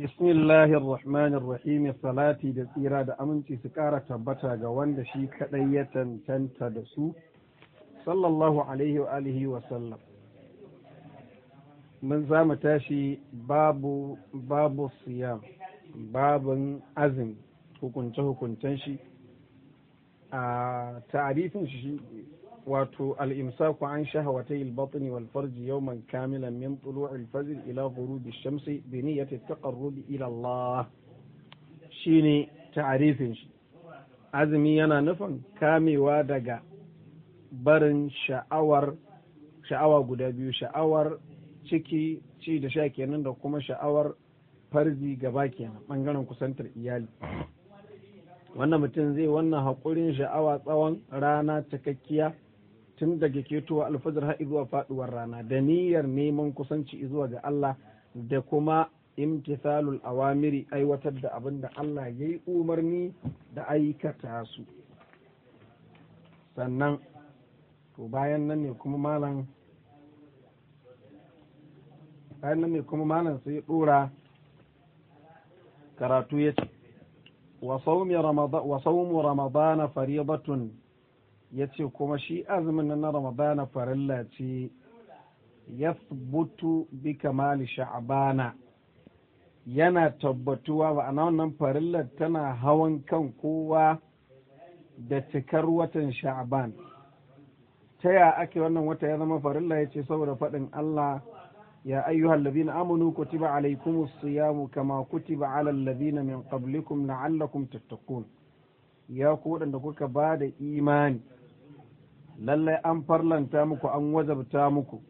Bismillahir Rahmanir Rahim salati da tsira da aminci su kara tabbata ga wanda shi kadai ya tantanta da su, sallallahu alaihi wa alihi wa sallam. Mun za tashi babu babu siyam, babun azumi hukunce-hukuncen shi, a tarifin shi wato al-imsaku an shahawatay al-batn wal yau yawman kamilan min tulu'i al-fajr ila shamsi ash-shams bi niyyati at-taqarrub shi ne shine ta'arifin shi azumi yana nufin kamewa daga barin sha'awar sha'awa guda biyu sha'awar ciki ci da sha kenan da kuma sha'awar farji gaba kenan bangaren kusantar iyali wannan mutum zai wannan haƙurin sha'awa tsawon rana cikakkiya tun daga ketowa alfajar har zuwa faduwar rana da niyyar neman kusanci zuwa ga Allah da kuma imtithalul awamiri aiwatar da abin da Allah ya yi umarni da aikata su sannan to bayan nan ne kuma malam bayan nan ne kuma malam sai ya dora karatu ya ce wa saumu ramadana faridatun ya ce kuma shi azumin na ramadana farilla ce ya butu bi kamali sha'abana yana tabbatuwa ba wannan farillar tana hawan kan kowa da cikar watan sha'aban ta ya ake wannan wata ya zama farilla ya ce saboda faɗin Allah ya ayyuhal ladina amanu kutiba siya siyamu kama kutiba ala ladina min qablikum la'allakum tattaqun ya ku waɗanda kuka ba da imani lallai an farlanta muku an wajabta muku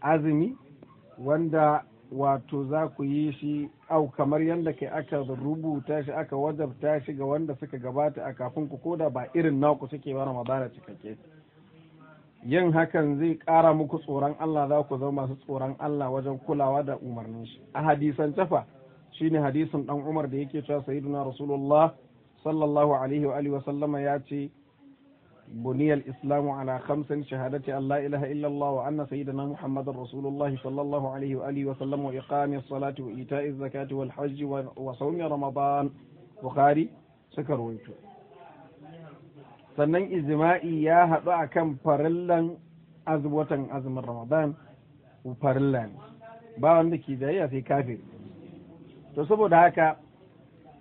azumi wanda wato za ku yi shi au kamar yadda ke aka rubuta shi aka wajabta shi ga wanda suka gabata a kafin ku koda ba irin naku suke ba ramadana cikakke yin hakan zai ƙara muku tsoron Allah za ku zama masu tsoron Allah wajen kulawa da umarnin shi a hadisan tafa shine hadisin dan Umar da yake cewa sayyiduna Rasulullah sallallahu alaihi wa alihi wa sallama ya ce بني الإسلام على خمس شهادة أن لا إله إلا الله وأن سيدنا محمد رسول الله صلى الله عليه وآله وسلم وإقام الصلاة وإيتاء الزكاة والحج وصوم رمضان بخاري سكر ويتو sannan ijma'i ya haɗu a kan farillan watan azumin ramadan farilla ne ba wanda ke jayayya sai kafin to saboda haka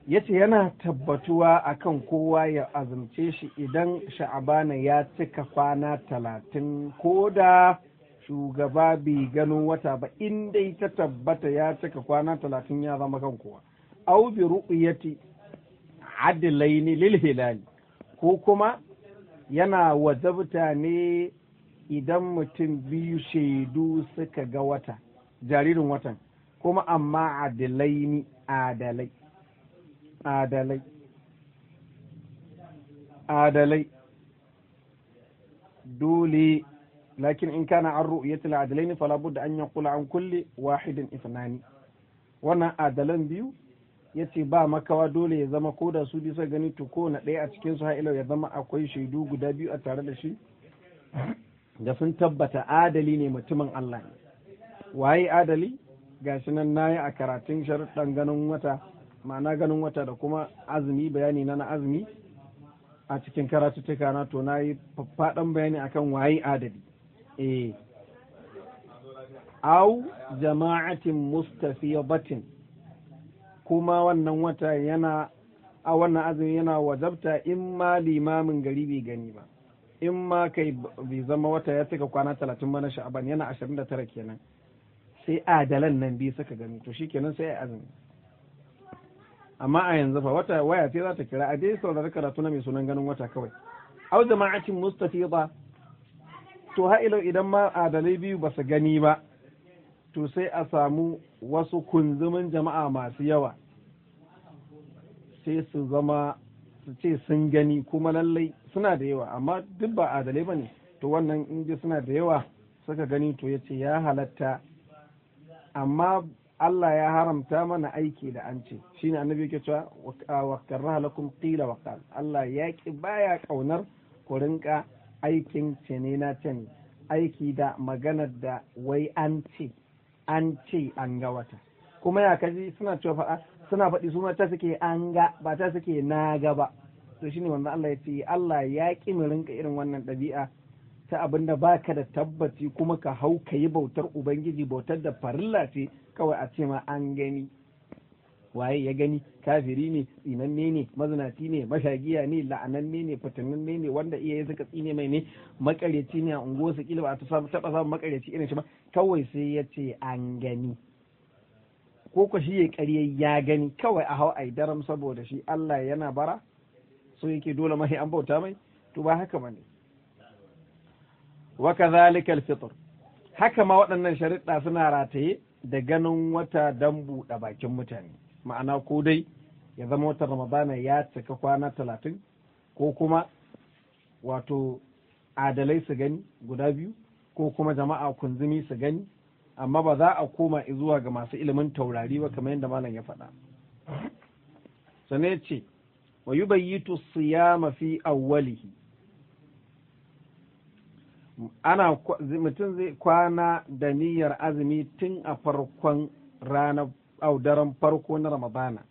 ya ce yana tabbatuwa akan kowa ya azumce shi idan sha'abana ya cika kwana talatin ko da shugaba bai gano wata ba inda ta tabbata ya cika kwana talatin ya zama kan kowa au bi ru'yati adlaini lil hilali ko kuma yana wajabta ne idan mutum biyu shaidu suka ga wata jaririn watan kuma amma adilaini adalai adalai adalai dole lakin in kana an ne fa falabu da an kula an kulle wahidin ifnani wannan adalan biyu ya ce ba makawa dole ya zama ko da su bisa gani to ko na ɗaya a cikin su ha'ilau ya zama akwai shaidu guda biyu a tare da shi da sun tabbata adali ne mutumin Allah ne waye adali gashi nan nayi a karatun sharuɗan ganin wata ma'ana ganin wata da kuma azumi bayani na na azumi a cikin karatuttuka na to na yi faɗan bayani akan waye adadi eh au jama'atin mustafiyabatin kuma wannan wata yana a wannan azumi yana wajabta in ma limamin gari bai gani ba in ma kai bai zama wata ya cika kwana talatin ba na sha'aban yana ashirin da tara kenan sai adalan nan biyu suka gani to shikenan sai azumi amma a yanzu fa wata waya ce za ta kira a je saurari karatu na mai sunan ganin wata kawai au jama'atin ba to ha'ilau idan ma adalai biyu ba su gani ba to sai a samu wasu kunzumin jama'a masu yawa sai su zama su ce sun gani kuma lallai suna da yawa amma duk ba adalai ba ne to wannan in suna da yawa suka gani to ya ce ya halatta amma Allah ya haramta mana aiki da an ce ne annabi yake cewa wa karaha lakum qila wa Allah ya ki baya kaunar ku rinka aikin cene na can aiki da maganar da wai an ce an ce an ga wata kuma ya kaji suna cewa faɗa suna faɗi su ta suke an ga ba ta suke na ga ba to shine wannan Allah ya ce Allah ya ki mu rinka irin wannan ɗabi'a ta abinda baka da tabbaci kuma ka hau ka yi bautar ubangiji bautar da farilla ce kawai a ce ma an gani waye ya gani kafiri ne tsinanne ne mazinaci ne mashagiya ne la'ananne ne fitinanne ne wanda iyaye suka tsine mai ne makareci ne a unguwar su kila ba ta taba samun makareci irin shi ba kawai sai ya ce an gani ko ko shi ya kariya ya gani kawai a hau ai daram saboda shi Allah yana bara so yake dole mai an bauta mai to ba haka bane wa kadhalika al-fitr haka ma waɗannan sharuɗa suna rataye da ganin wata don buɗe bakin mutane ma'ana ko dai ya zama wata ramadana ya cika kwana talatin ko kuma wato adalai su gani guda biyu ko kuma jama'a kunzumi su gani amma ba za a koma zuwa ga masu ilimin taurari ba kamar yadda malam ya faɗa sannan ya ce wa su siyama fi awwalihi ana mutum zai kwana da niyyar azumi tun a farkon ranar audaran farko na ramadana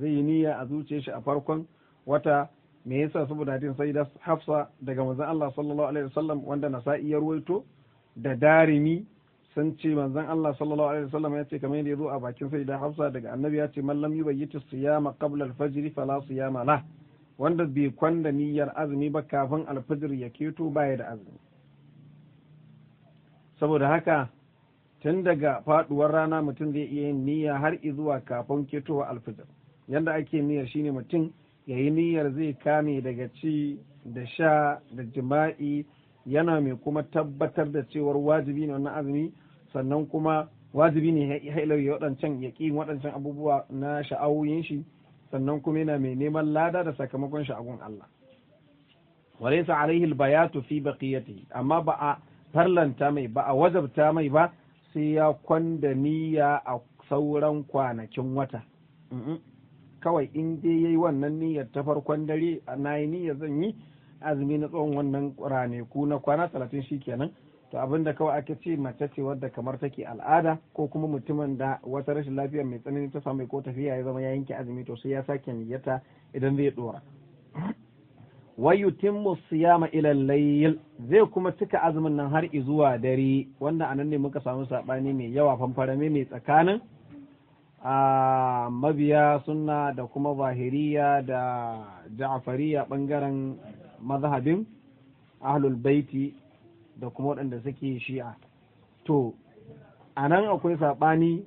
zai yi niyya a zuciya shi a farkon wata me yasa saboda din sai da hafsa daga manzon Allah sallallahu alaihi wasallam wanda nasa'i ya ruwaito da darimi sun ce manzon Allah sallallahu alaihi wasallam ya ce kamar yadda yazo a bakin sai da hafsa daga annabi ya ce man lam yubayyitu siyama qabla al-fajr fala siyama la wanda bai kwanda niyyar azumi ba kafin al-fajr ya keto baya da azumi saboda haka tun daga faduwar rana mutum zai iya yin niyya har zuwa kafin ketowa alfijir yadda ake niyyar shine mutum ya yi niyyar zai kame daga ci da sha da jima'i yana mai kuma tabbatar da cewar wajibi ne wannan azumi sannan kuma wajibi ne ya ya waɗancan ya ƙi waɗancan abubuwa na sha'awoyin shi sannan kuma yana mai neman lada da sakamakon sha'agun Allah walaysa alaihi albayatu fi baqiyati amma ba a farlanta mai ba a wazabta mai ba sai ya kwanda niyya a sauran kwanakin wata kawai in dai yayi wannan niyyar ta farkon dare na yi niyyar zan yi azumi na tsawon wannan ranaku na kwana talatin shi shikenan to abinda kawai aka ce mace ce wadda kamar take al'ada ko kuma mutumin da wata rashin lafiya mai tsanani ta samu ko tafiya ya zama ya yanke azumi to sai ya sake niyyata idan zai dora wa yutimmu siyama ila layl zai kuma cika azumin nan har zuwa dare wanda anan ne muka samu sabani mai yawa fanfarame mai tsakanin a mabiya sunna da kuma zahiriya da ja'fariya bangaren mazhabin ahlul baiti da kuma waɗanda suke shi'a to anan akwai sabani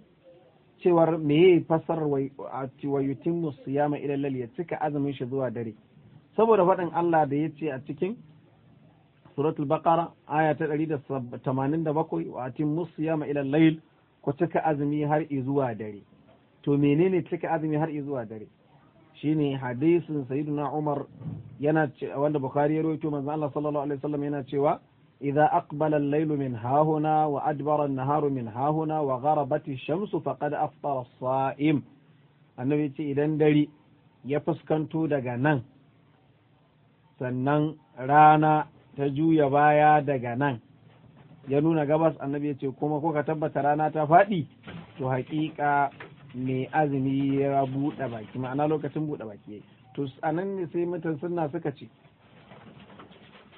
cewar meye fasar wa yutimmu siyama ila layl ya cika azumin shi zuwa dare saboda faɗin Allah da ya ce a cikin suratul baqara aya ta 187 wa atimmu siyama ila layl ku cika azumi har zuwa dare to menene cika azumi har zuwa dare shine hadisin sayyidina Umar yana wanda Bukhari ya rawaito manzo Allah sallallahu alaihi wasallam yana cewa idza aqbala al-layl min hahuna wa adbara an-naharu min hahuna wa gharabat ash-shamsu faqad aftara as-sa'im annabi ce idan dare ya fuskanto daga nan sannan rana ta juya baya daga nan ya nuna gabas annabi ya ce kuma ko ka tabbata rana ta faɗi to haƙiƙa mai azumi ya buɗe baki ma'ana lokacin buɗe baki yi, to a nan ne sai mutan suna suka ce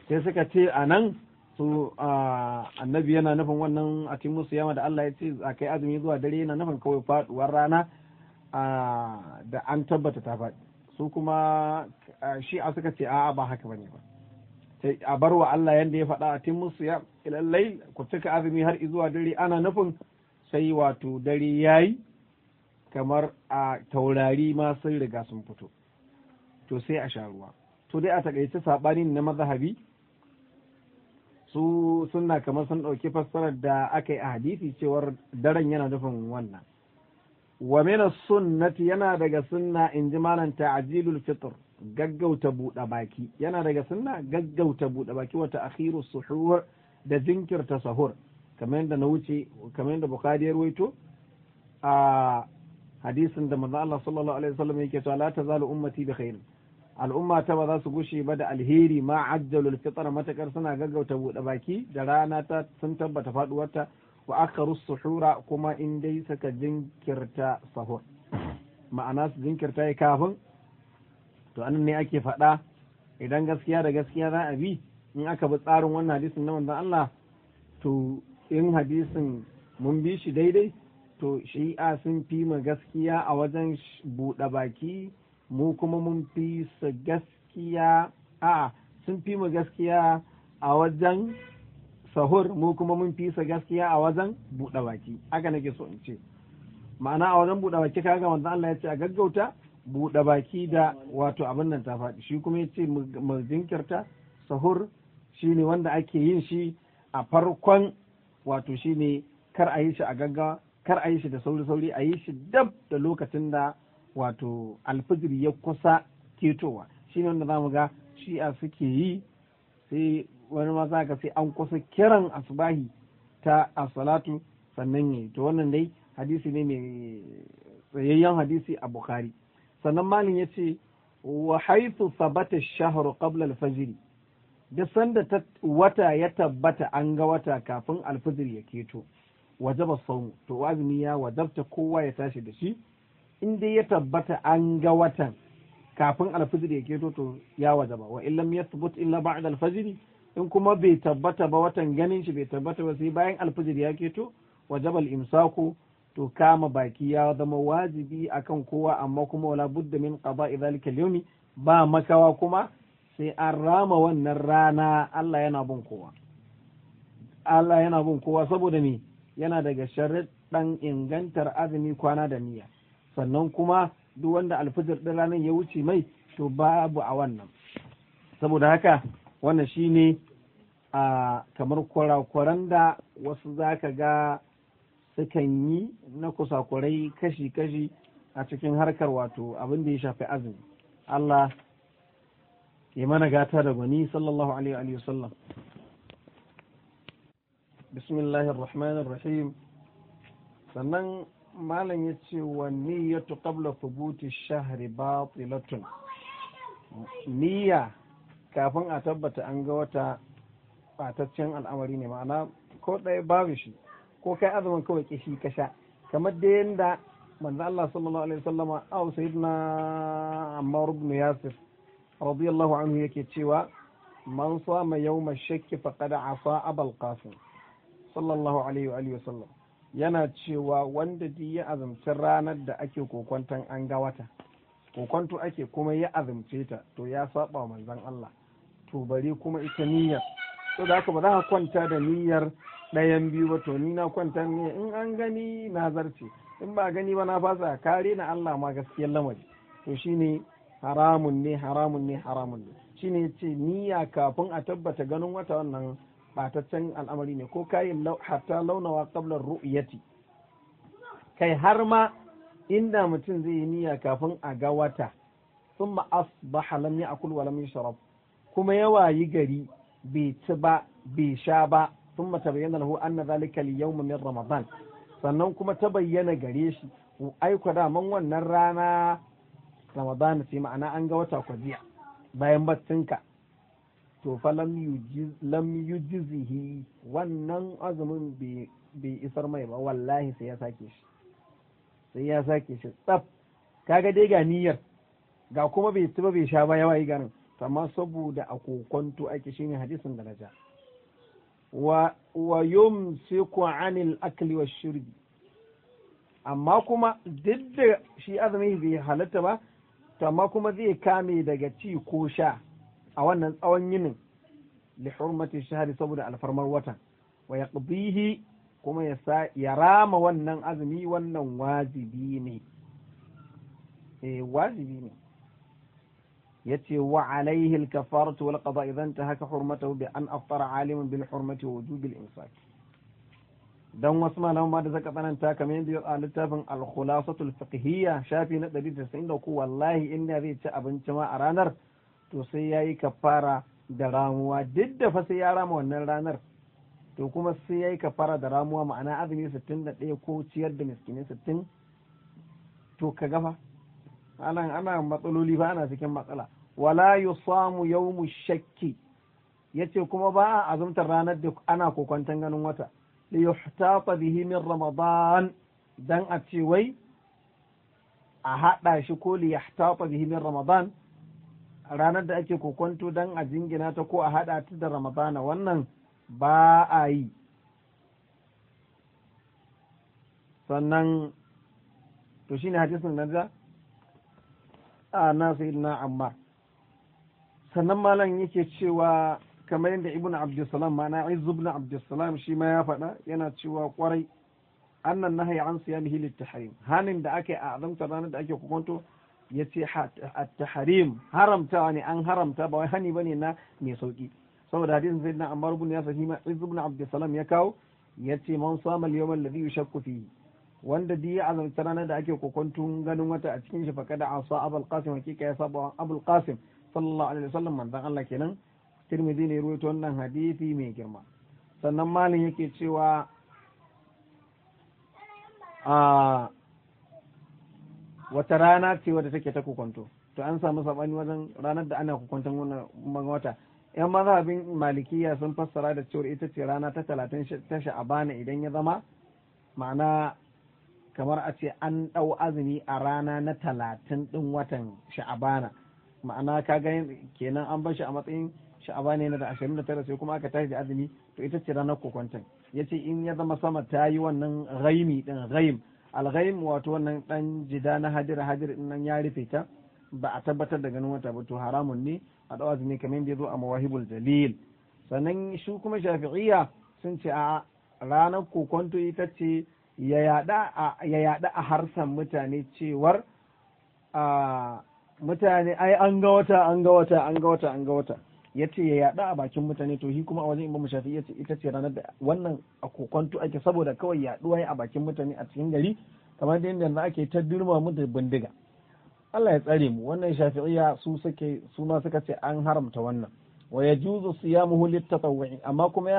sai suka ce a nan? su annabi yana nufin wannan a cikin musu yama da Allah ya ce a kai azumi zuwa dare yana nufin kawai faɗuwar rana da an tabbata ta faɗi su kuma shi a suka ce a'a ba haka bane ba sai a bar wa Allah yanda ya faɗa a tin musu ya lallai ku cika azumi har zuwa dare ana nufin sai wato dare yayi kamar a taurari ma sun riga sun fito to sai a sha ruwa to dai a takaice sabanin na mazhabi su sunna kamar sun ɗauki fassarar da aka yi a hadisi cewar daren yana nufin wannan wa min sunnati yana daga sunna in ji malam ta'jilul fitr gaggauta buɗe baki yana daga sunna gaggauta buɗe baki wata akhiru suhur da jinkirta sahur kamar yadda na wuce kamar yadda bukhari ya ruwaito a hadisin da manzo Allah sallallahu alaihi wasallam yake cewa la tazalu ummati bi khairin al'umma ta ba za su gushe ba da alheri ma ajjalul fitr matakar suna gaggauta buɗe baki da rana ta sun tabbata faduwarta wa akharu suhura kuma in dai suka jinkirta sahur ma'ana su jinkirta ya kafin to anan ne ake faɗa idan gaskiya da gaskiya za a bi in aka bi tsarin wannan hadisin na manzon Allah to in hadisin mun bi shi daidai to shi'a sun fi ma gaskiya a wajen buɗe baki mu kuma mun fi su gaskiya a sun fi ma gaskiya a wajen sahur mu kuma mun fi sa gaskiya a wajen buɗe baki haka nake so in ce ma'ana a wajen buɗe baki kaga wanzan Allah ya ce a gaggauta buɗe baki da wato abin nan ta faɗi shi kuma ya ce mu jinkirta sahur shine wanda ake yin shi a farkon wato shine kar a yi shi a gaggawa kar a yi shi da sauri-sauri a yi shi dab da lokacin da wato alfijir ya kusa ketowa shi ne wanda mu ga shi'a suke yi sai wani ma za ka sai an kusa kiran asubahi ta asalatu sannan ya yi to wannan dai hadisi ne mai tsayayyen hadisi a bukari sannan malin ya ce wa haithu sabata shahru qabla al da sanda wata ya tabbata an ga wata kafin alfajiri ya keto wajaba saumu to azumi ya wajabta kowa ya tashi da shi in dai ya tabbata an ga watan kafin alfajiri ya keto to ya wajaba wa illam yathbut illa ba'da alfajiri. in kuma bai tabbata ba watan ganin shi bai tabbata ba sai bayan alfijir ya keto wajabal imsaku to kama baki ya zama wajibi akan kowa amma kuma wala budda min qada'i zalika al ba makawa kuma sai an rama wannan rana Allah yana bin kowa Allah yana bin kowa saboda me yana daga sharaɗan ingantar azumi kwana da niyya sannan kuma duk wanda alfijir ɗin ranar ya wuce mai to babu a wannan saboda haka wannan shine a kamar kwarakwaran da wasu za ka ga sukan yi na kusakwarai kashi-kashi a cikin harkar wato abin da ya shafi azumi Allah ke mana gata da gwani sallallahu alaihi wa sallam bismillahir rahmanir rahim sannan malam ya ce wa niyyatu qabla thubuti shahri batilatun niyya kafin a tabbata an ga wata bataccen al'amari ne ma'ana ko ɗaya babu shi ko kai azumin kawai ke shi sha kamar da yanda manzo Allah sallallahu alaihi wasallama aw sayyidina Ammar ibn Yasir radiyallahu anhu yake cewa man sama yawma shakki faqad afa abal qasim sallallahu alaihi wa alihi wasallam yana cewa wanda duk ya azumci ranar da ake kokwantan an ga wata kokwanto ake kuma ya azumce ta to ya saba manzon Allah to bari kuma ita niyyar so da aka ba za ka kwanta da niyyar ɗayan biyu ba to ni na kwanta ne in an gani na zarce in ba gani ba na fasa kare na Allah ma gaskiyar lamari to shine haramun ne haramun ne haramun ne shine ce niyya kafin a tabbata ganin wata wannan bataccen al'amari ne ko kai hatta launawa qablar ru'yati kai har ma inda mutum zai yi niyya kafin a ga wata thumma asbaha lam ya'kul wa lam yashrab kuma yawa yi gari bai ci ba bai sha ba sun mata bayyana lahu anna zalika al min ramadan sannan kuma ta bayyana gare shi Ai da daman wannan rana Ramadan ce ma'ana an ga wata kwajiya bayan baccinka to fa lam yujzihi wannan azumin bai isar mai ba wallahi sai ya sake shi sai ya sake shi tsaf kaga dai ga niyyar ga kuma bai ci ba bai sha ba yawa yi garin sama saboda a kokonto ake shine hadisin da na ja wa yumsiku anil akli wa shirbi amma kuma duk shi azumi bai halatta ba amma kuma zai kame daga ci ko sha a wannan tsawon yinin li hurmati shahri saboda alfarmar watan wa yaqdihi kuma ya rama wannan azumi wannan wajibi ne eh wajibi ne yace wa alaihi al-kafaratu wal qada idan haka hurmatahu bi an aftara alimun bil hurmati wa wujubil imsak dan wasu malaman ma da zaka tsananta kamar yadda ya littafin al-khulasatul fiqhiyya shafi na 193 wallahi inda zai ci abinci ma a ranar to sai yayi kafara da ramuwa duk da fa sai ya rama wannan ranar to kuma sai yayi kafara da ramuwa ma'ana azumi 61 ko ciyar da miskinai 60 to ka gafa ana ana matsaloli ba ana cikin matsala wala yusamu mu shakki yace kuma ba a azumtar ranar da ana kokwantan ganin wata li yuhtata bihi min ramadan dan a ce wai a hada shi ko li yuhtata bihi min ramadan ranar da ake kokwanto dan a jingina ta ko a hada ta da ramadana wannan ba a yi sannan to shine hadisin nan da a na ammar sannan malam yake cewa kamar yadda ibn abdulsalam ma'ana izu ibn abdulsalam shi ma ya faɗa yana cewa kwarai annan nahyi an siyamihi lit harim hanin da ake a azamta ranar da ake hukunto yace at-tahrim haramta ne an haramta ba wai hani bane na mai sauki saboda hadisin na amma ibn ya sahi ma izu ibn abdulsalam ya kawo yace man sama yawan yawm alladhi yushakku fihi wanda di ya azamta ranar da ake kokontun ganin wata a cikin shi fa kada asa abul qasim hakika ya saba abul qasim sallallahu alaihi wasallam manzon Allah kenan Tirmidhi ne ruwaito wannan hadisi mai girma sannan malin yake cewa a wata rana ce wadda take ta kokonto to an samu sabani wajen ranar da ana kokonton wannan wata yan mazhabin malikiya sun fassara da cewa ita ce rana ta talatin ta sha'abana idan ya zama ma'ana kamar a ce an ɗau azumi a rana na talatin ɗin watan sha'abana ma'ana ka ganin kenan an bar shi a matsayin sha'aba ne na da 29 sai kuma aka tashi da azumi to ita ce ranar ya ce in ya zama sama ta yi wannan ra'imi din ra'im al'ra'im wato wannan dan jida na hadira hajir din nan ya rufe ta ba a tabbatar da ganin wata ba to haramun ne a dawa azumi kamar da ya zo a mawahibul jalil sannan shi kuma shafi'iyya sun ce a ranar kokonto ita ce ya yada a harsan mutane cewar a mutane ai an ga wata an ga wata an ga wata an ga wata ya ce ya yaɗa a bakin mutane to shi kuma a wajen imam shafi ya ce ita ce ranar da wannan a kokonto ake saboda kawai yaɗuwa a bakin mutane a cikin gari kamar da yadda ake ta durma mu da bindiga Allah ya tsare mu wannan shafi'iyya su suke su ma suka ce an haramta wannan wa yajuzu siyamuhu litatawwi amma kuma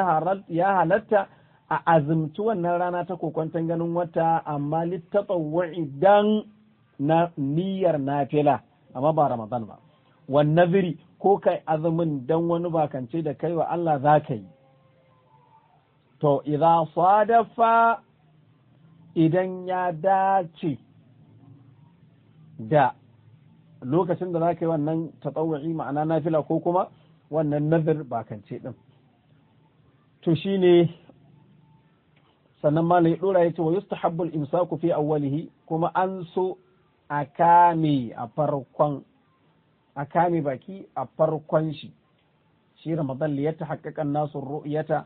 ya halatta a azumci wannan rana ta kokwanton ganin wata amma litatawwi dan na niyyar nafila amma ba ramadan ba wan naziri ko kai azumin dan wani bakance da kai wa Allah za ka yi to idan sadafa idan ya dace da lokacin da za ka yi wannan tatsawuri ma'ana nafila ko kuma wannan nazir bakance din to shine sannan malai ya ce wa yustahabbu al-imsaku fi awwalihi kuma an so a a farkon baki a farkon shi shi ramadan ta haƙaƙan nasu ru'yata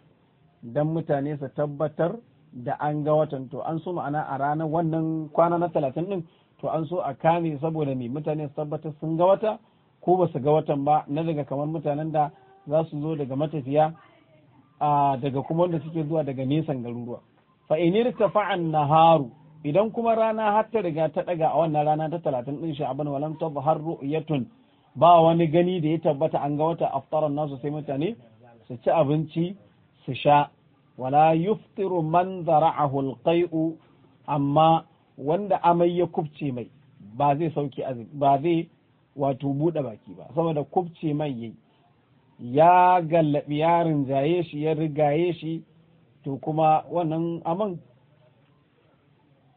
don mutane su tabbatar da an ga watan to an so ma'ana a ranar wannan kwana na talatin din to an so a kame saboda me mutane su tabbatar sun ga wata ko ba su ga watan ba na daga kamar mutanen da za su zo daga matafiya daga kuma wanda suke zuwa daga nesan garuruwa fa inir fa'an naharu idan kuma rana har ta riga ta daga a wannan rana ta talatin din sha'aban walam har ru'yatun ba wani gani da ya tabbata an ga wata aftaran nasu sai mutane su ci abinci su sha wala yuftiru man zara'ahu alqai'u amma wanda amai ya kubce mai ba zai sauke ba zai wato buɗe baki ba saboda kubce mai yayi ya gallabi yarin jaye shi ya rigaye shi to kuma wannan aman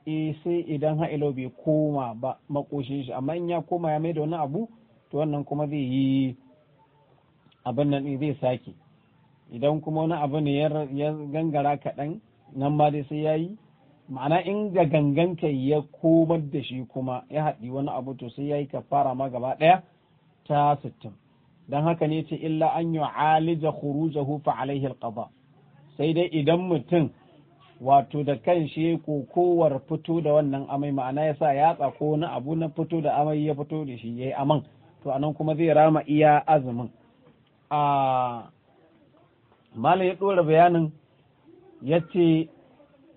eh sai idan ha'ilau bai koma ba makoshin shi amma in ya koma ya maida wani abu to wannan kuma zai yi abin nan zai sake idan kuma wani abu ne ya gangara kaɗan nan ma dai sai ya yi ma'ana in da ganganka ya komar da shi kuma ya haɗi wani abu to sai ya yi ka fara ma gaba ɗaya ta sittin don haka ne ce illa an yi alija khurujahu fa alaihi alqada sai dai idan mutum wato da kan shi kokowar fito da wannan amai ma'ana ya sa yatsa ko na abu na fito da amai ya fito da shi ya yi aman to anan kuma zai rama iya azumin a malam ya ɗora bayanin ya ce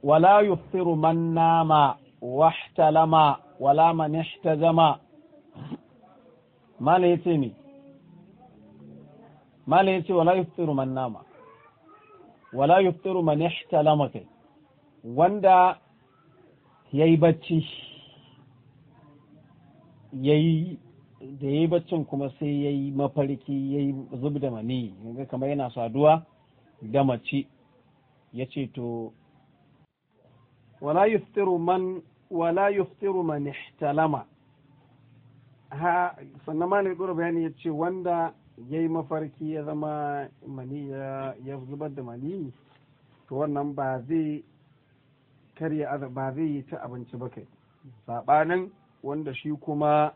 wala yuftiru man nama wahtalama wala man ihtazama malam ya ce ne malam ya ce wala yuftiru man nama wala yuftiru man ihtalama kai wanda ya yi bacci ya yi da ya yi baccin kuma sai ya yi mafarki ya yi zub da mani kamar yana saduwa da mace ya ce to wala yuftiru man wala yuftiru man ihtalama ha sannan malai dora bayani ya ce wanda ya yi mafarki ya zama mani ya zubar da mani to wannan ba zai karya azumi ba zai yi ta abinci ba kai saɓanin wanda shi kuma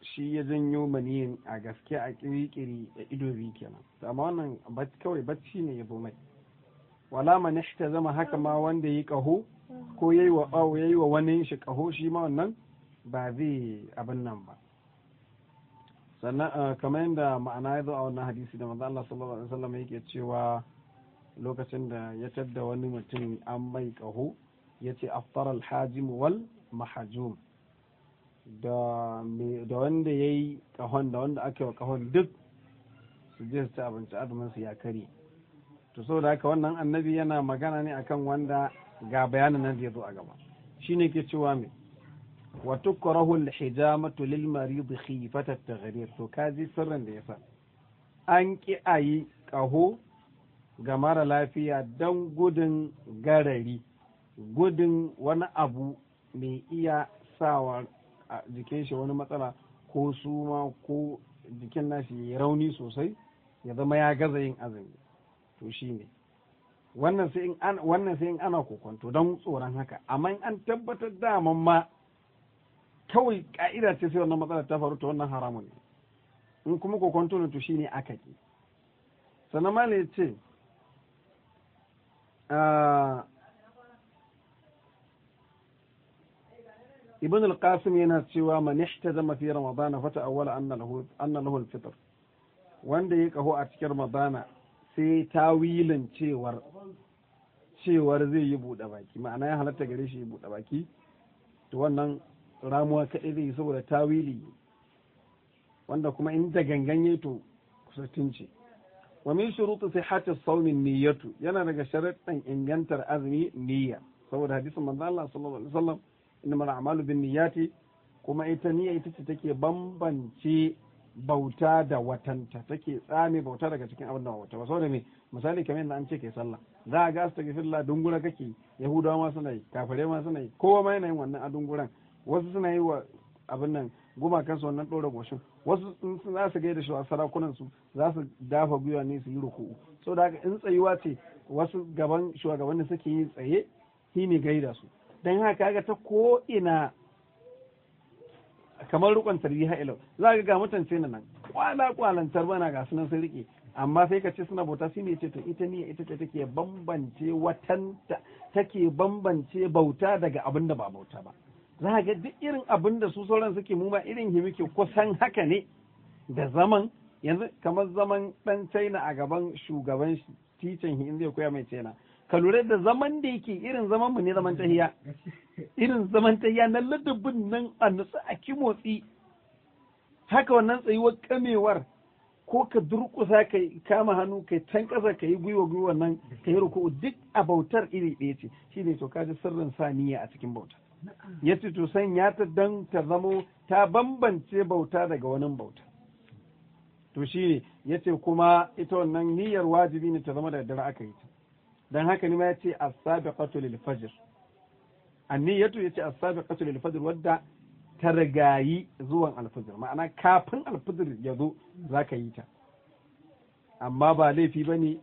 shi ya janyo maniyin a gaske a kirikiri da ido biyu kenan amma wannan kawai bacci ne ya mai wala man ta zama haka ma wanda yi kaho ko yayi wa bawo yayi wa wani shi kaho shi ma wannan ba zai abin nan ba sannan eh, kamar yadda ma'ana ya zo a wannan hadisi da manzo Allah sallallahu alaihi wasallam yake cewa lokacin da ya tadda wani mutum an mai ƙaho ya ce aftarar alhajim wal mahajum da wanda ya yi kahon da wanda aka yi wa kahon duk su je su ci abinci azumin su ya kare to saboda haka wannan annabi yana magana ne akan wanda ga bayanin nan da ya zo a gaba shi ne ke cewa me wa tukrahu al-hijamatu lil marid khifata at-taghrir to kaji sirrin da ya sa. an ki yi ƙaho ga mara lafiya don gudun garari gudun wani abu mai iya sawa a jikin shi wani matsala ko suma ko jikin nashi ya rauni sosai ya zama ya gaza yin azumi to shi ne wannan sai in ana kokonto don tsoron haka amma in an tabbatar daman ma kawai ka'ida ce sai wannan matsalar ta faru ta wannan haramun ne in kuma kokonto ne to shi ne aka ki sannan ma ne ce ibn al-qasim yana cewa man ihtazama fi ramadana fata awwala anna lahu anna lahu al-fitr wanda ya kaho a cikin ramadana sai tawilin cewar cewar zai yi bude baki ma'ana ya halatta gare shi ya bude baki to wannan ramuwa kadai zai yi saboda tawili wanda kuma in da gangan to kusa ce wa min shurutu sihhati saumin niyyatu yana daga sharadin ingantar azumi niyya saboda hadisin manzo Allah sallallahu alaihi wasallam innamal a'malu binniyati kuma ita niyya ita ce take bambance bauta da watanta take tsame bauta daga cikin abin da wata ba saboda me misali kamar yadda an ce kai sallah za a ga astaghfirullah dungura kake yahudawa ma suna yi kafare ma suna yi kowa ma yana yin wannan a dunguran wasu suna yi wa abin nan gumakan su wannan ɗora goshin wasu sun za su gaida shi a sarakunan su za su dafa gwiwa ne su yi ruku'u so da in tsayuwa ce wasu gaban da suke yi tsaye shi ne gaida su don haka ga ta ko ina kamar rukun tarbiha ilau za ka ga mutance na nan kwala kwalantar bana ga sunan sun rike amma sai ka ce suna bauta shine ne ce to ita ne ita ce take bambance watanta take bambance bauta daga abin da ba bauta ba za a ga duk irin abin da su sauran suke muma irin shi ke kusan haka ne da zaman yanzu kamar zaman dan China a gaban shugaban titin hin in zai koya mai China ka lura da zaman da yake irin zaman mu ne zaman tahiya irin zaman tahiya na ladabin nan a nutsu a kimotsi haka wannan tsayuwar kamewar ko ka durkusa ka kama hannu ka can ƙasa ka yi gwiwa gwiwa nan ka yi ruku duk a bautar iri ɗaya ce shi shine to kaji sirrin saniya a cikin bauta ya ce to sanya ta dan ta zamo ta bambance bauta daga wani bauta to shi ne ya ce kuma ita wannan niyyar wajibi ne ta zama da dare aka yi ta don haka ne ma ya ce as lil fajr anniyatu ya ce as lil fajr wadda ta rigayi zuwan alfajr ma'ana kafin alfajr ya zo za ka yi ta amma ba laifi bane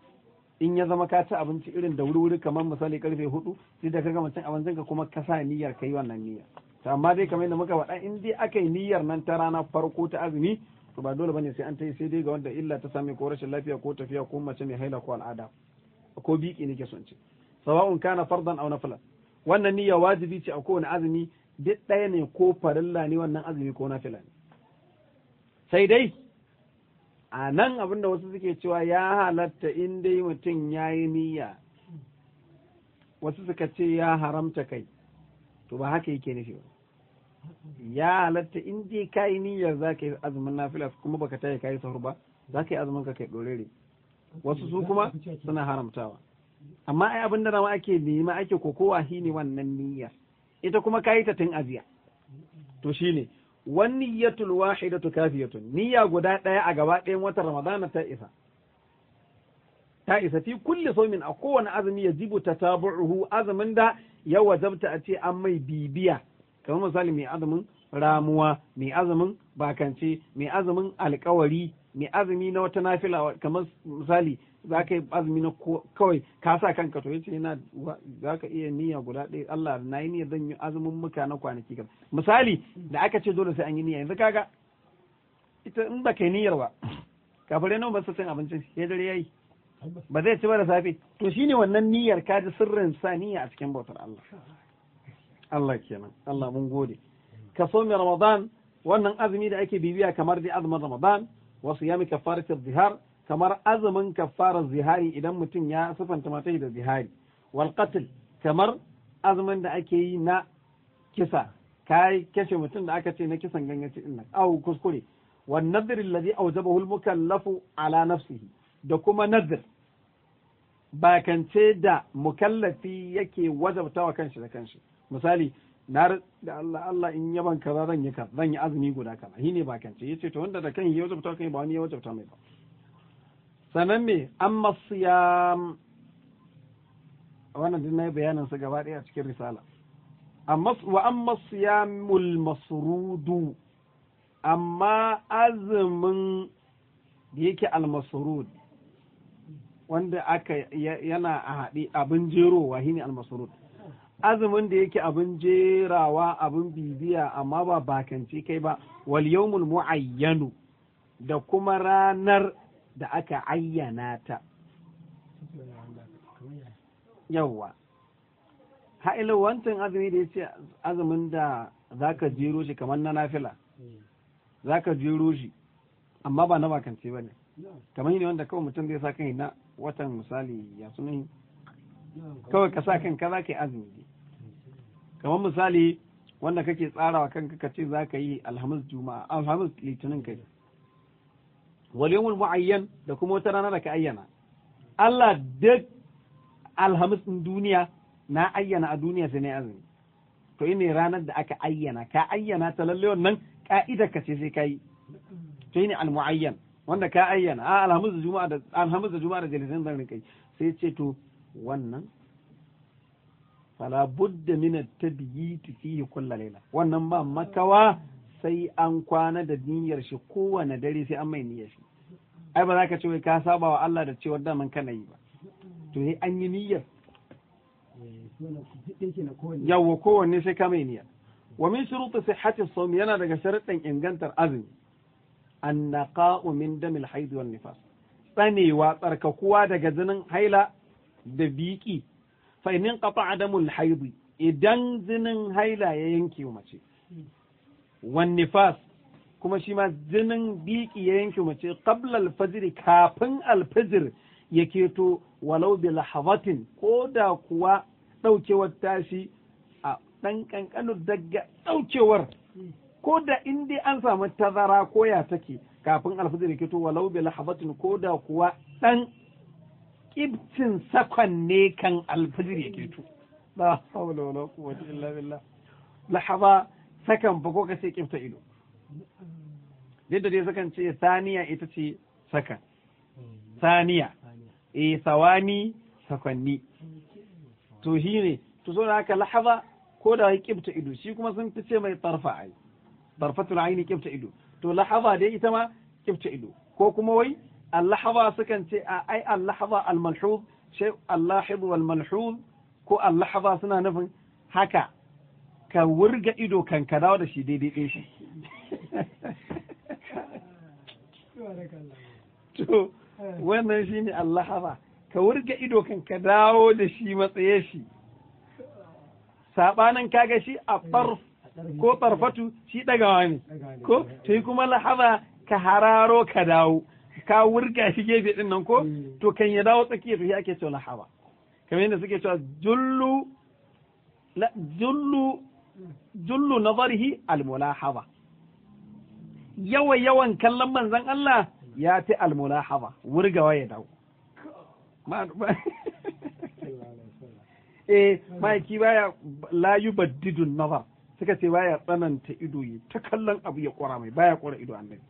in ya zama ka ci abinci irin da wuri-wuri kamar misali karfe hudu sai da ka gama cin abincin ka kuma ka sa niyyar kai wannan niyyar to amma dai kamar yadda muka faɗa in dai aka yi niyyar nan ta rana farko ta azumi to ba dole bane sai an ta yi sai dai ga wanda illa ta sami ko rashin lafiya ko tafiya ko mace mai haila ko al'ada ko biki nake son ce sawa'un kana fardan aw nafila wannan niyya wajibi ce a kowane azumi duk ɗaya ne ko farilla ne wannan azumi ko nafila ne sai dai a nan abinda wasu suke cewa ya halatta in dai mutum ya yi niyya wasu suka ce ya haramta kai to ba haka yake nufi ba ya halatta in dai ka yi niyyar za ka yi azumin nafila kuma baka taya ka yi sahur ba za ka yi azumin ka kai dorere wasu su kuma suna haramtawa amma ai abin da dama ake nema ake kokowa shine wannan niyyar ita kuma ka yi ta tun aziya to shine wan niyyatul wahidatu kafiyatun niyya guda ɗaya a gaba ɗayan watan ramadana ta isa ta isa fi kulli saumin a kowane azumi ya jibu ta tabu'uhu azumin da ya wajabta a ce an mai bibiya kamar misali mai azumin ramuwa mai azumin bakance mai azumin alkawari mai azumi na wata nafila kamar misali za ka yi azumi na kawai ka sa kanka to yace yana za ka iya niyya guda ɗaya Allah na yi niyya zan yi azumin muka na kwanaki kaza misali da aka ce dole sai an yi niyya yanzu kaga ita in ba yi niyyar ba kafare nawa ba su cin abincin ya dare yayi ba zai ci ba da safe to shine wannan niyyar ka ji sirrin sa niyya a cikin bautar Allah Allah kenan Allah mun gode ka so mai Ramadan wannan azumi da ake bibiya kamar dai azumin Ramadan wasu yami kafaratul zihar kamar azumin kafarar zihari idan mutum ya sifanta mata da zihari wal qatl kamar azumin da ake yi na kisa kai kashe mutum da aka ce na kisan gangaci din nan au kuskure wan nadr alladhi awjabahu al mukallafu ala nafsihi da kuma nadr bakance da mukallafi yake wajabtawa kanshi da kanshi misali na da Allah Allah in yaban kaza zan yi kaza zan yi azumi guda kaza shine bakance yace to wanda da kan yi wajabtawa kai ba wani ya wajabta mai ba sannan me amma siyam wannan din nayi bayanin su gaba ɗaya a cikin risala wa amma siyamul masrudu amma azumin da yake almasrud wanda aka yana a haɗe abin jerowa al almasrud azumin da yake abin jerawa abin bibiya amma ba bakance kai ba wal yawmul muayyanu da kuma ranar da aka ayyana ta yawwa ha'ila wancan azumi da ya ce azumin da za ka jero shi kamar na nafila za ka jero shi amma ba na bakance ba ne kamar ne wanda kawai mutum zai sa kai na watan misali ya sunan kawai ka sa kan ka za ka yi azumi kamar misali wanda kake tsarawa kanka ka ce za ka yi alhamis juma'a alhamis litinin kai wal muayyan da kuma wata rana da ka ayyana Allah duk alhamis din duniya na ayyana a duniya sai ne azumi to ine ranar da aka ayyana ka ayyana ta lalle wannan ka'ida ka ce sai kai to ine al muayyan wanda ka ayyana a alhamis da juma'a da alhamis da juma'a da jalisan zan kai sai ce to wannan fala budda min at-tabyit fihi kullu layla wannan ba makawa sai an kwana da niyyar shi kowane dare sai an mai niyyar shi ai ba za ka ce wai ka saba wa Allah da cewar daman kana yi ba to sai an yi niyyar yawo kowanne sai ka mai niyyar wa min shurutu sihhati sawm yana daga sharuɗin ingantar azumi naqa'u min damil haid wal nifas tsanewa tsarkakuwa daga jinin haila da biki fa in qata'a damul haid idan jinin haila ya yanke mace wan nifas kuma shi ma jinin biki ya yanke mace qabla al-fajr kafin al-fajr ya to walau bil hawatin ko da kuwa daukewar tashi a dan kankano daga daukewar ko da in an samu tazara ko ya take kafin alfajir ya keto walau bi lahawatin ko da kuwa dan kibtin sakon ne kan al-fajr ya to la hawla wala quwwata illa billah lahaba sakan fa ko ka ce kifta ido yadda dai sakan ce saniya ita ce sakan saniya e sawani sakwanni to shi ne to so haka lahaza ko da kifta ido shi kuma sun fi ce mai tarfa ai tarfatul aini kifta ido to lahaza dai ita ma kifta ido ko kuma wai اللحظة سكن أي اللحظة الملحوظ شيء اللاحظ والملحوظ كو اللحظة سنة نفن هكا ka wurga ido kan ka dawo da shi daidai ɗin shi to wannan shi ne allahaba ka wurga ido kan ka dawo da shi matsaye shi saɓanin kaga shi a farf ko farfatu shi ɗagawa ne ko to yi kuma lahaba ka hararo ka dawo ka wurga shi gefe ɗin nan ko hmm. to kan ya dawo tsakiya to shi ake cewa lahaba kamar yadda suke cewa jullu jullu jullu nazarihi almulahaba yawa yawan kallon manzan Allah ya fi almulahaba wurgawa ya dawo eh ma'aiki baya la yubaddidun nazar suka ce baya tsananta ido yi ta kallon abu ya kora mai baya kora ido annabi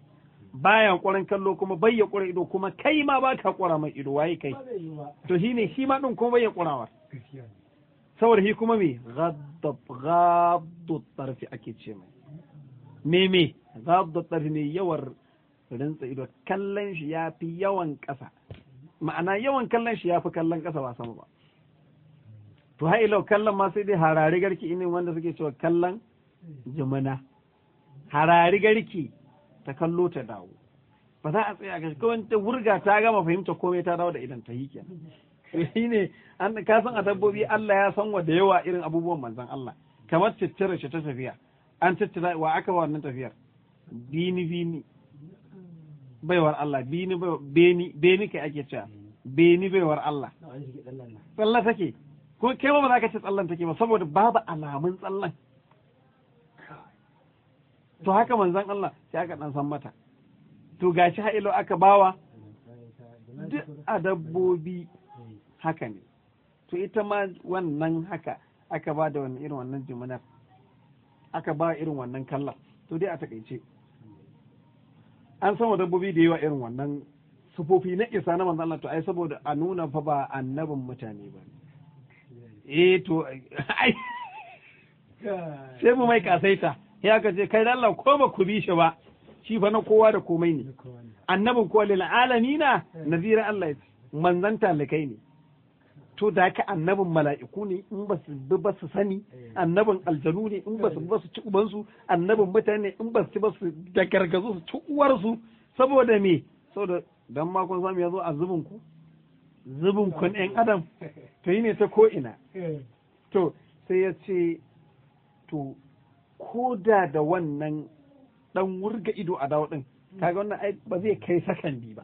baya kwarin kallo kuma bai ya kora ido kuma kai ma ba ka kora mai ido waye kai to shine shi ma din kuma bai ya korawa saboda shi kuma me ghaddu tarfi ake ce mai me me ghaddu tarfi ne yawar rinsa ido kallon shi ya fi yawan ƙasa ma'ana yawan kallon shi ya fi kallon ƙasa ba sama ba to ha ilau kallon ma sai dai harari garki ne wanda suke cewa kallon jimina harari garki ta kallo ta dawo ba za a tsaya ga kawai ta wurga ta gama fahimta komai ta dawo da idan ta yi kenan shine an ka san a dabbobi Allah ya san wa da yawa irin abubuwan manzon Allah kamar ciccire shi ta tafiya an ciccira wa aka wa wannan tafiyar bini bini baiwar Allah bini beni beni kai ake cewa beni baiwar Allah tsalla take ko kai ba za ka ce tsallan take ba saboda babu alamun tsallan to haka manzon Allah sai aka dan san mata to gashi ha'ilo aka bawa duk a dabbobi haka ne to ita ma wannan haka aka ba da irin wannan jiminar aka ba irin wannan kallon to dai a takaice an sama dabbobi da yawa irin wannan sufofi na isa na manzan to ai saboda a nuna fa ba annabin mutane ba eh to ai sai mu mai kasaita ya ka ce kai Allah ko ba ku bi shi ba shi fa na kowa da komai ne annabin kowa lil alamina eh. nazira Allah manzan talakai ne to da ka annabin mala'iku ne in ba su bi ba su sani eh. annabin aljanu ne in ba su ba su ci ubansu annabin mutane in ba su ba su da gargazo su ci uwarsu saboda me saboda dan ma kun samu yazo a zubin ku zubin kun ɗan adam to yi ne ta ko ina eh. to sai ya ce to ko da da wannan dan wurga ido a dawo din hmm. kaga wannan ai ba zai kai sakandi ba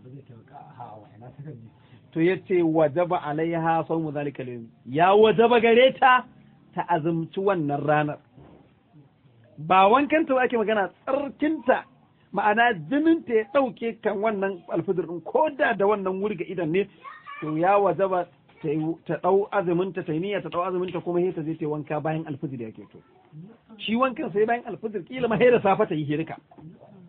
to ya ce wajaba alaiha sau mu zalika ya wajaba gare ta ta azumci wannan ranar ba wankanta ba ake magana tsarkinta ma'ana jinin ta ya ɗauke kan wannan alfidir ɗin ko da da wannan ga idan ne to ya wajaba ta ɗau azumin ta ta ɗau ta kuma hita zai ta wanka bayan alfidir ya to shi wankan sai bayan alfidir kila ma da safa ta yi hirika.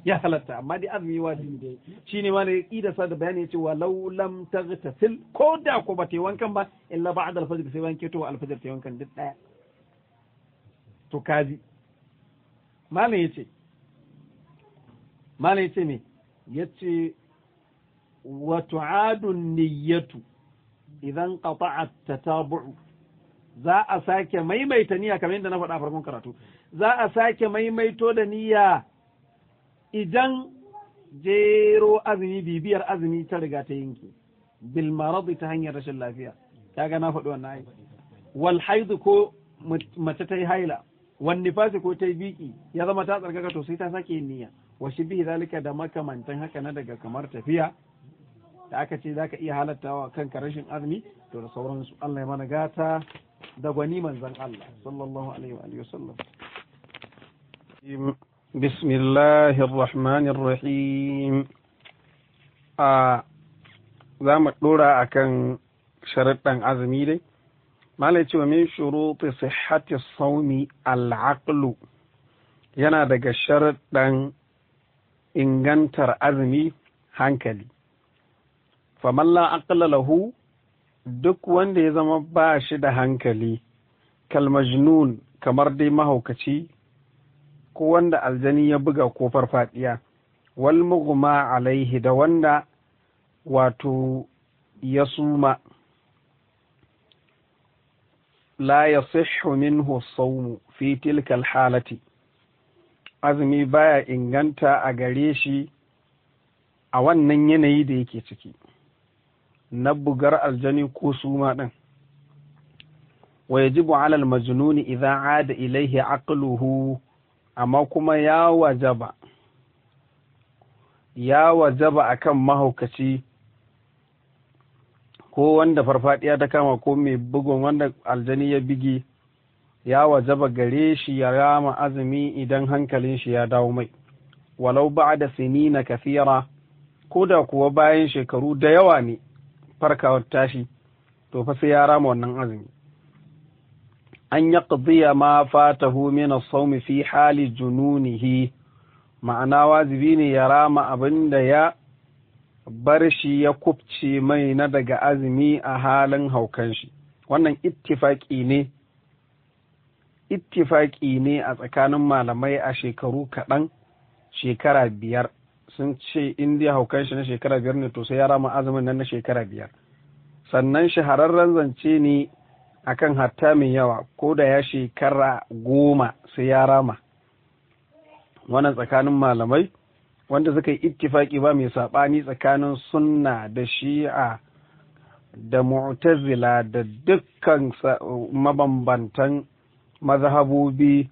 ya halatta amma dai azumi wajibi ne shine ma ne ƙida sa da bayani cewa law lam taghtasil ko da ko ba ta wankan ba illa ba'da al-fajr sai wanke to al-fajr ta wankan duk daya to kaji malam yace malam yace me yace wa tu'adu niyyatu idan ta tatabu'u za a sake maimaita niyya kamar yadda na faɗa farkon karatu za a sake maimaito da niyya idan jero azumi bibiyar azumi ta riga ta yanke bil maradi ta hanyar rashin lafiya kaga na faɗi wannan ayi wal haidu ko mace ta yi haila wan nifasi ko ta yi biki ya zama ta tsargaka to sai ta sake yin niyya wa shi bihi zalika da makamantan haka na daga kamar tafiya da aka ce zaka iya halattawa kanka rashin azumi to da sauransu Allah ya mana gata da gwani manzan Allah sallallahu alaihi wa sallam بسم الله الرحمن الرحيم آه za mu ɗora a kan sharaɗin azumi dai malai cewa min shuruti sihhati saumi al'aqlu yana daga sharaɗin ingantar azumi hankali faman la aqla lahu duk wanda ya zama ba shi da hankali kalmajnun kamar dai mahaukaci ko wanda aljani ya buga ko farfadiya wal mughma alaihi da wanda wato ya suma la yasihhu minhu sawmu fi tilka halati azumi baya inganta a gare shi a wannan yanayi da yake ciki na bugar aljani ko suma ɗin wa yajibu alal majnuni idza ada ilaihi aqluhu amma kuma ya wajaba ya wajaba akan mahaukaci ko wanda farfadiya ta kama ko mai bugun wanda aljani ya bigi ya wajaba gare shi ya rama azumi idan hankalin shi ya dawo mai walau ba da sini na kafira ko da kuwa bayan shekaru da yawa ne farkawar tashi to fa sai ya rama wannan azumi an yaqdiya ma fatahu min as fi hali jununihi ma'ana wajibi ne ya rama abin da ya barshi ya kubce mai na daga azumi a halin haukan shi wannan ittifaki ne ittifaki ne a tsakanin malamai a shekaru kaɗan shekara biyar sun ce in haukan shi na shekara biyar ne to sai ya rama azumin nan na shekara biyar sannan shahararren zance ne akan hatta mai yawa ko da ya shekara goma sai ya rama wannan tsakanin malamai wanda suka yi ittifaki ba mai saɓani tsakanin sunna da shi'a da mu'tazila da dukkan mabambantan mazhabobi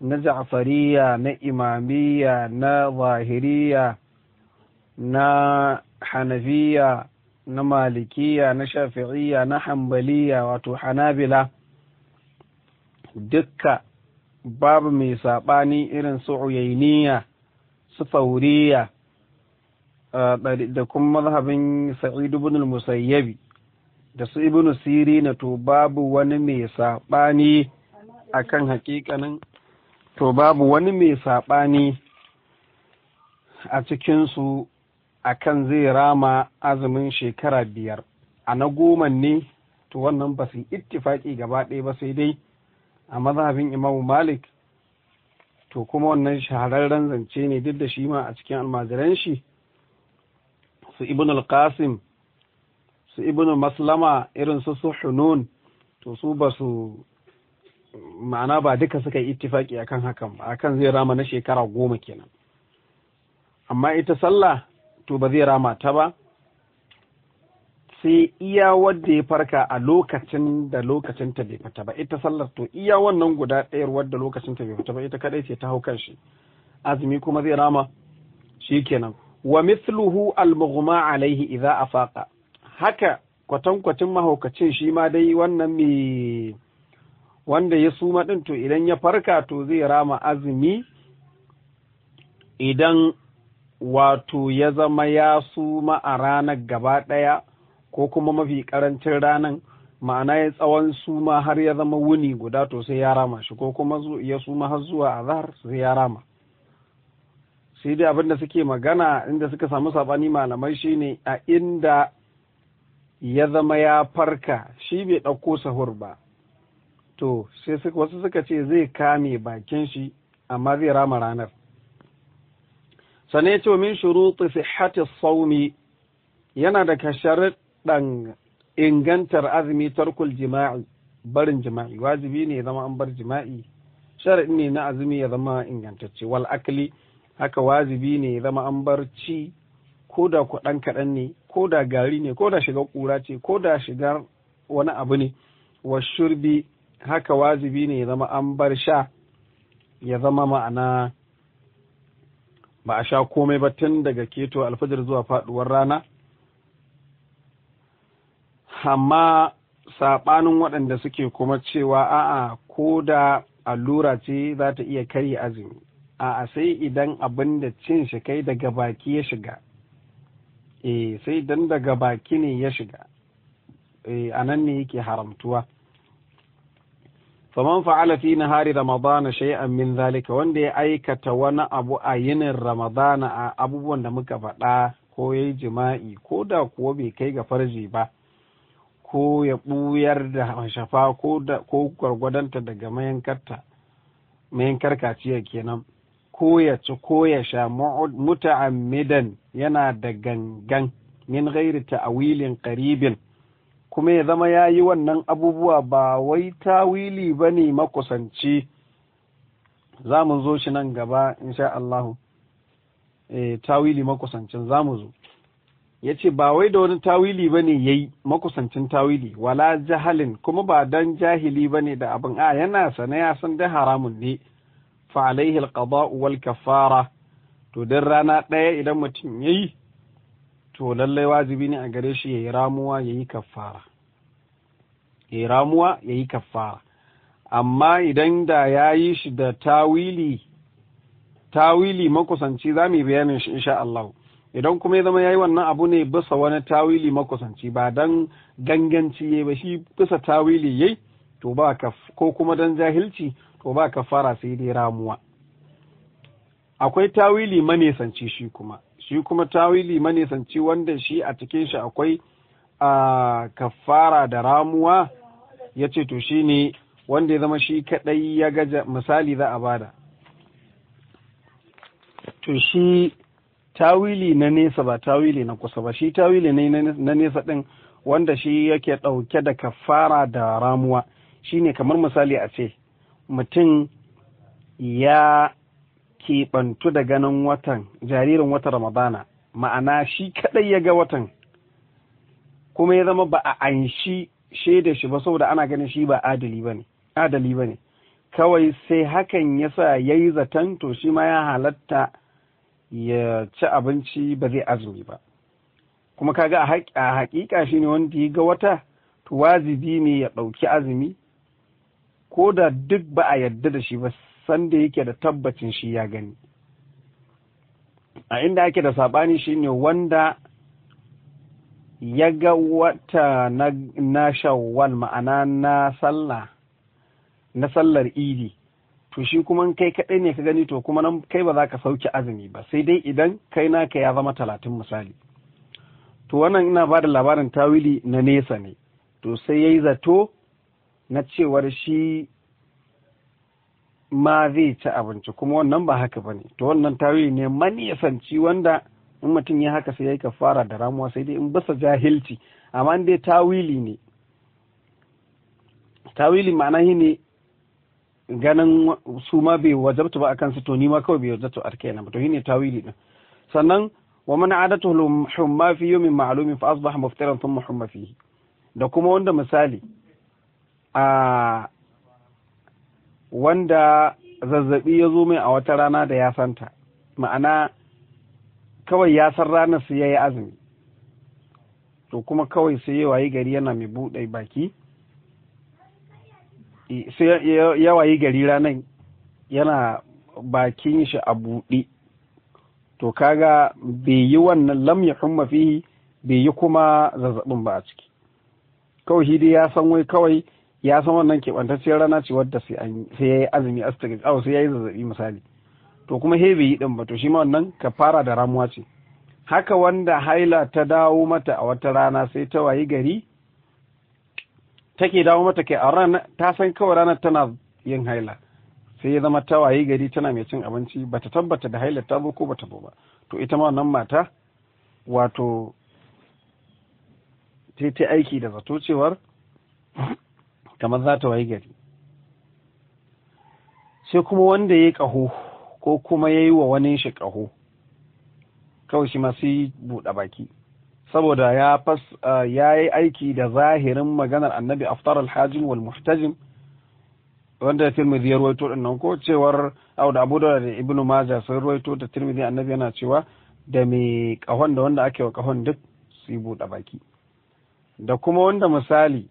na ja'fariya na imamiyya na zahiriya na hanafiya na malikiya na shafi'iyya na hambaliya wato hanabila dukka babu mai saɓani irin su uyainiya su fauriya da kuma mazhabin sa'id ibn musayyabi da su ibn siri na to babu wani mai saɓani akan hakikanin to babu wani mai saɓani a cikinsu akan zai rama azumin shekara biyar a na goma ne to wannan ba su ittifaki gaba ɗaya ba sai dai a mazhabin imamu malik to kuma wannan shahararren zance ne duk da shi ma a cikin almajiran shi su ibn al-qasim su ibn maslama irin su hunun to su ba su ma'ana ba duka suka yi ittifaki akan hakan akan zai rama na shekara goma kenan amma ita sallah to ba zai rama ta ba sai iya wadda ya farka a lokacin da lokacin ta bai fita ba ita sallar to iya wannan guda ɗayar wadda lokacin ta bai fita ba ita kadai ce ta hau kanshi azumi kuma zai rama shikenan wa mithluhu al-mughma alaihi idza afaqa haka kwatankwacin mahaukacin shi ma dai wannan mai wanda ya suma ɗin to idan ya farka to zai rama azumi idan wato ya zama ya suma a ranar gaba ɗaya ko kuma mafi karancin ranar ma'ana ya tsawon suma har ya zama wuni guda to sai ya rama shi ko kuma ya suma har zuwa azhar sai ya rama sai dai abinda suke magana inda suka samu sabani malamai shine a inda ya zama ya farka shi bai ɗauko sahur ba to sai wasu suka ce zai kame bakin shi amma zai rama ranar sane ce min shuruti sihhati saumi yana kashar dan ingantar azumi tarkul jima'i barin jima'i wajibi ne ya zama an bar jima'i sharaɗi ne na azumi ya zama ingantacce wal akli haka wajibi ne ya zama an bar ci ko da kuɗan kaɗan ne ko da gari ne ko da shiga ƙura ce ko da shigar wani abu ne wa shurbi haka wajibi ne ya zama an bar sha ya zama ma'ana ba a sha komai ba tun daga keto alfajar zuwa faduwar rana amma saɓanin waɗanda suke kuma cewa a'a ko da allura ce za ta iya karya azumi a'a sai idan abin da cin shi kai daga baki ya shiga e sai idan daga baki ne ya shiga e a nan ne yake haramtuwa faman fa'ala fi nahari ramadana shay'an min zalika wanda ya aikata wani abu a yinin ramadana a abubuwan da muka faɗa ko yayi jima'i ko da kuwa bai kai ga farji ba ko ya ɓuyar da shafa ko gwargwadonta daga mayankarta mayankar kaciya kenan ko ya ci ko ya sha muta'ammidan yana da gangan min ghairi ta'awilin karibin. kuma ya zama ya yi wannan abubuwa ba wai tawili ba ne makusanci za mu zo shi nan gaba insha Allahu e, eh, tawili makusancin za mu zo ya ce ba wai da wani tawili ba ne ya yi makusancin tawili wala jahalin kuma ba don jahili ba ne da abin a yana sane ya san dai haramun ne fa alaihi wal kafara to dan rana ɗaya idan mutum ya yi to lallai wajibi ne a gare shi ya yi ramuwa ya yi kafara ya ramuwa ya yi kafara amma idan da ya yi shi da tawili tawili makusanci za mu bayanin shi insha Allah idan kuma ya zama ya yi wannan abu ne bisa wani tawili makusanci ba dan ganganci ya ba shi bisa tawili yayi to ba ka ko kuma dan jahilci to ba ka fara sai dai ramuwa akwai tawili manesanci shi kuma shi kuma tawili manesanci wanda shi a cikin shi akwai a ah, kafara da ramuwa ya ce to shi ne wanda ya zama shi kaɗai ya gaja misali za a bada to shi tawili na nesa ba tawili na kusa ba shi tawili na nesa ɗin wanda shi yake ɗauke da kafara da ramuwa shi ne kamar misali a ce mutum ya keɓantu da ganin watan jaririn watan ramadana ma'ana shi kaɗai ya ga watan kuma ya zama ba a anshi shaida shi ba saboda ana ganin shi ba adali bane adali kawai sai hakan ya sa ya yi zaton to shi ma ya halatta ya ci abinci ba zai azumi ba kuma kaga a hakika shi ne wanda ya ga wata to wajibi ne ya ɗauki azumi ko da duk ba a yadda da shi ba sanda yake da tabbacin shi ya gani a inda ake da saɓani ne wanda ya ga wata na shawwal ma'ana na sallah na sallar idi to shi kuma kai kaɗai ne ka gani to kuma nan kai ba za ka sauke azumi ba sai dai idan kai naka ya zama talatin misali to wannan ina ba da labarin tawili na nesa ne to sai ya yi zato na cewar shi ma zai ci abinci kuma wannan ba haka ba ne to wannan tawili ne manisanci wanda in mutum ya haka sai ya yi kafara da ramuwa sai dai in basa jahilci amma in dai tawili ne tawili ma'ana shi ne ganin su ma bai wajabta ba a kansu to ni ma kawai bai wajabta a kaina ba to shi ne tawili din sannan wa mana adatu humma fi yawmin ma'lumin fa asbaha muftiran thumma humma fihi da kuma wanda misali a wanda zazzabi ya zo mai a wata rana da ya santa ma'ana kawai ya san ranar su yi azumi to kuma kawai sai ya wayi gari yana mai buɗe baki sai ya wayi gari ranar yana bakin shi a buɗe to kaga bai yi wannan lamya ya fihi bai yi kuma zazzabin ba a ciki kawai shi dai ya san wai kawai ya san wannan keɓantacciyar rana ce wadda sai ya yi azumi a sai ya yi zazzabi misali to kuma he yi din ba to shi ma wannan ka fara da ramuwa ce haka wanda haila ta dawo mata a wata rana sai ta wayi gari take dawo mata kai a ranar ta san kawai ranar tana yin haila sai ya zama ta wayi gari tana mai cin abinci bata tabbata da haila ta zo ko bata zo ba to ita ma wannan mata wato sai ta aiki da zato cewar kamar za ta wayi gari sai kuma wanda ya yi ƙaho ko kuma ya yi wa wani shi ƙaho kawai shi masu yi buɗe baki saboda ya yi aiki da zahirin maganar annabi aftar alhajin wal muhtajin wanda ya tirmidhi ya ruwaito ɗin nan ko cewar abu da abu da ibnu maja sun ruwaito da tirmidhi annabi yana cewa da mai ƙahon da wanda ake wa kahon duk su yi buɗe baki da kuma wanda misali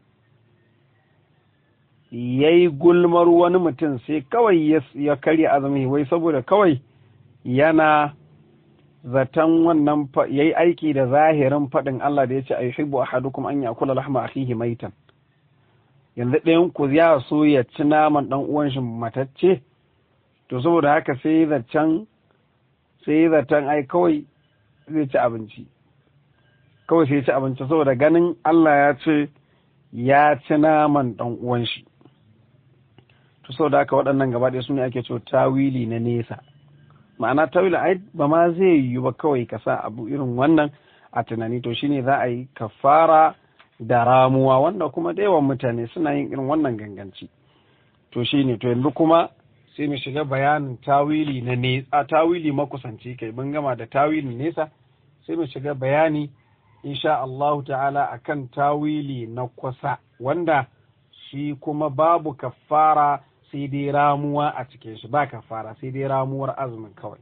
ya yi gulmar wani mutum sai kawai ya karya azumi wai saboda kawai yana zaton wannan ya yi aiki da zahirin faɗin Allah da ya ce a hadu kuma an yakula lahma fihi maitan yanzu ɗayan ku ya so ya ci naman ɗan uwan shi matacce to saboda haka sai zaton sai zaton ai kawai zai ci abinci kawai sai ci abinci saboda ganin Allah ya ce ya ci naman ɗan uwan shi to da aka waɗannan gaba ɗaya su ne ake cewa tawili na nesa ma'ana tawili ai ba ma zai yiwu ba kawai ka sa abu irin wannan a tunani to shine za a yi kafara da ramuwa wanda kuma da yawan mutane suna yin irin wannan ganganci to shine to yanzu kuma sai mu shiga bayanin tawili na nesa tawili makusanci kai mun gama da tawili nesa sai mu shiga bayani insha Allahu ta'ala akan tawili na kusa wanda shi kuma babu kafara sai dai ramuwa a cikin shi ba kafara sai dai ramuwar azumin kawai